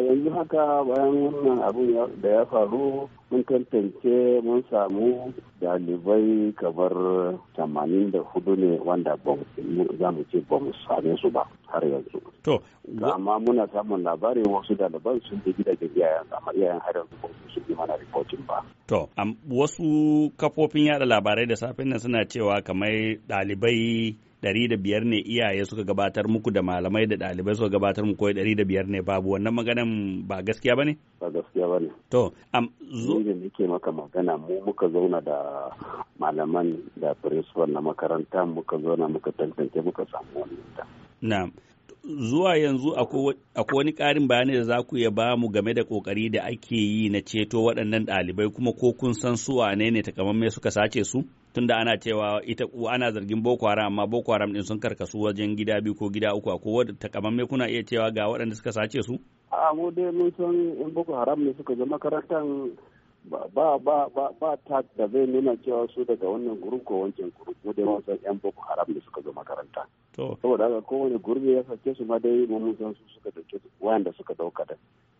a yanzu haka bayan wannan abin da ya faru mun tantance mun samu dalibai kamar 84 ne wanda za mu ce ba mu same su ba har yanzu. To, amma muna samun labarin wasu daliban sun je gidajen iyayen amma iyayen har yanzu su yi mana reporting ba. To, wasu kafofin yada labarai da safin nan suna cewa kamar dalibai dari da biyar ne iyaye suka gabatar muku da malamai da ɗalibai suka gabatar muku kawai dari da biyar ne babu wannan maganan ba gaskiya ba ne? Ba gaskiya ba ne. To, am zo. Ni ke maka magana mu muka zauna da malaman da principal na makaranta muka zauna muka tantance muka samu wannan. Na'am. zuwa yanzu akwai wani ƙarin bayani da za ku iya ba mu game da ƙoƙari da ake yi na ceto waɗannan ɗalibai kuma ko kun san su wane ne takamaimai suka sace su tunda ana cewa ita ana zargin Boko Haram amma Boko Haram din sun karkasu wajen gida biyu ko gida uku ko takamaimai kuna iya cewa ga waɗanda suka sace su a mu dai mun san in Boko Haram ne suka zama makarantar ba ba ba ba ta da zai nuna cewa su daga wannan gurup ko wancan gurup mu dai mun san yan boko haram da suka zo makaranta to saboda haka kowane gurbi ya sake su ma dai mun san su suka dauke wanda suka dauka da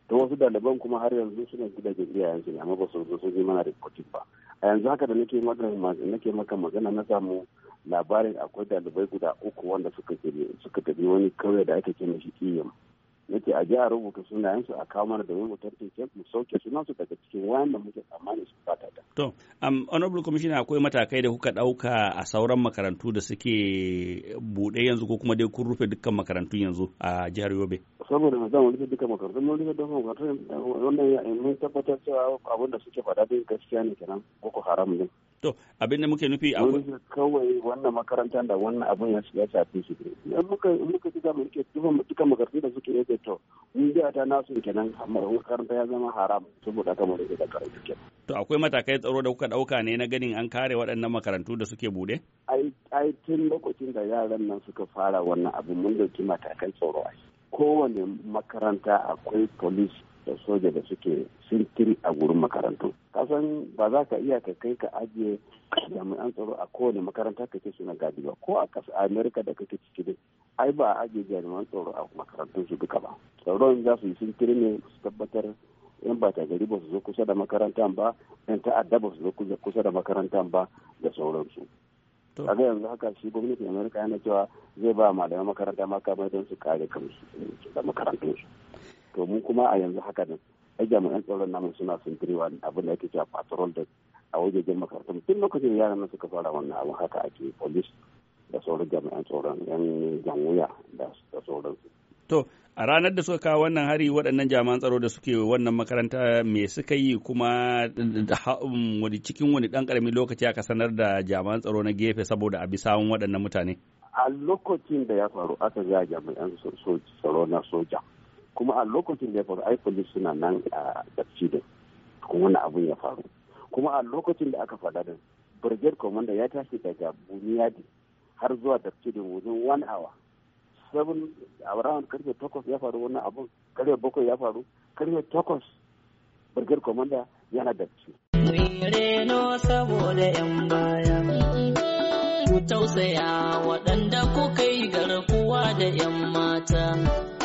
to wasu ɗaliban kuma har yanzu suna gidajen iyayen ne amma ba su zo su yi mana reporting ba a yanzu haka da nake maka nake maka magana na samu labarin akwai ɗalibai guda uku wanda suka suka tafi wani kauye da ake ce mishi kiyam yake a jihar rubuta sunayensu a kawo mana domin mu tantance mu sauke sunansu daga cikin wayan da muke tsammani su fata ta. To, um, honorable commissioner akwai matakai da kuka ɗauka a sauran makarantu da suke buɗe yanzu ko kuma dai kun rufe dukkan makarantu yanzu a jihar Yobe. Saboda mu zama rufe dukkan makarantu mun rufe dukkan makarantu eh, wannan mun tabbatar cewa abin da suke faɗa din gaskiya ne kenan Boko Haram ne. to abin da muke nufi a kawai wannan makarantar da wannan abin ya shiga shafi shi in muka muka ci gaba muke duka makarfi da suke yake to in da ta nasu kenan makaranta ya zama haram saboda kamar da karatu ke. to akwai matakai tsaro da kuka dauka ne na ganin an kare waɗannan makarantu da suke bude ai ai tun lokacin da yaran nan suka fara wannan abin mun dauki matakan tsaro ai kowane makaranta akwai police da soja da suke sirkiri a gurin makarantu kasan ba za ka iya ka kai ka ajiye jami'an tsaro a kowane makaranta ka kake suna gadi ba ko a kasu amerika da kake ciki dai ai ba a ajiye jami'an tsaro a makarantun su duka ba tsaron za su yi sirkiri ne su tabbatar yan bata gari ba su zo kusa da makarantan ba yan ta'adda ba su zo kusa da makarantan ba da sauransu kaga yanzu haka shi gwamnatin amerika yana cewa zai ba malaman makaranta ma kamar don su kare kansu da makarantunsu to mu kuma a yanzu haka nan ai jami'an tsaron namu suna sunturewa abin da ake cewa patrol da a wajejen makarantar tun lokacin yaran nan suka fara wannan abin haka ake polis da sauran jami'an tsaron yan janwuya da su to a ranar da suka kawo wannan hari waɗannan jami'an tsaro da suke wannan makaranta me suka yi kuma um, wani cikin wani ɗan ƙaramin lokaci aka sanar da jami'an tsaro na gefe saboda a bi sawun waɗannan mutane a lokacin da ya faru aka ga jami'an tsaro na soja kuma a lokacin da ya faru ai suna nan a da kuma wani abun ya faru kuma a lokacin da aka faɗa din brigade commander ya tashi daga buniyadi har zuwa da wajen one hour seven a ranar karfe takwas ya faru wani abun karfe bakwai ya faru karfe takwas brigade commander yana tafsir. reno saboda 'yan baya ku tausaya waɗanda kuka yi garkuwa da 'yan mata.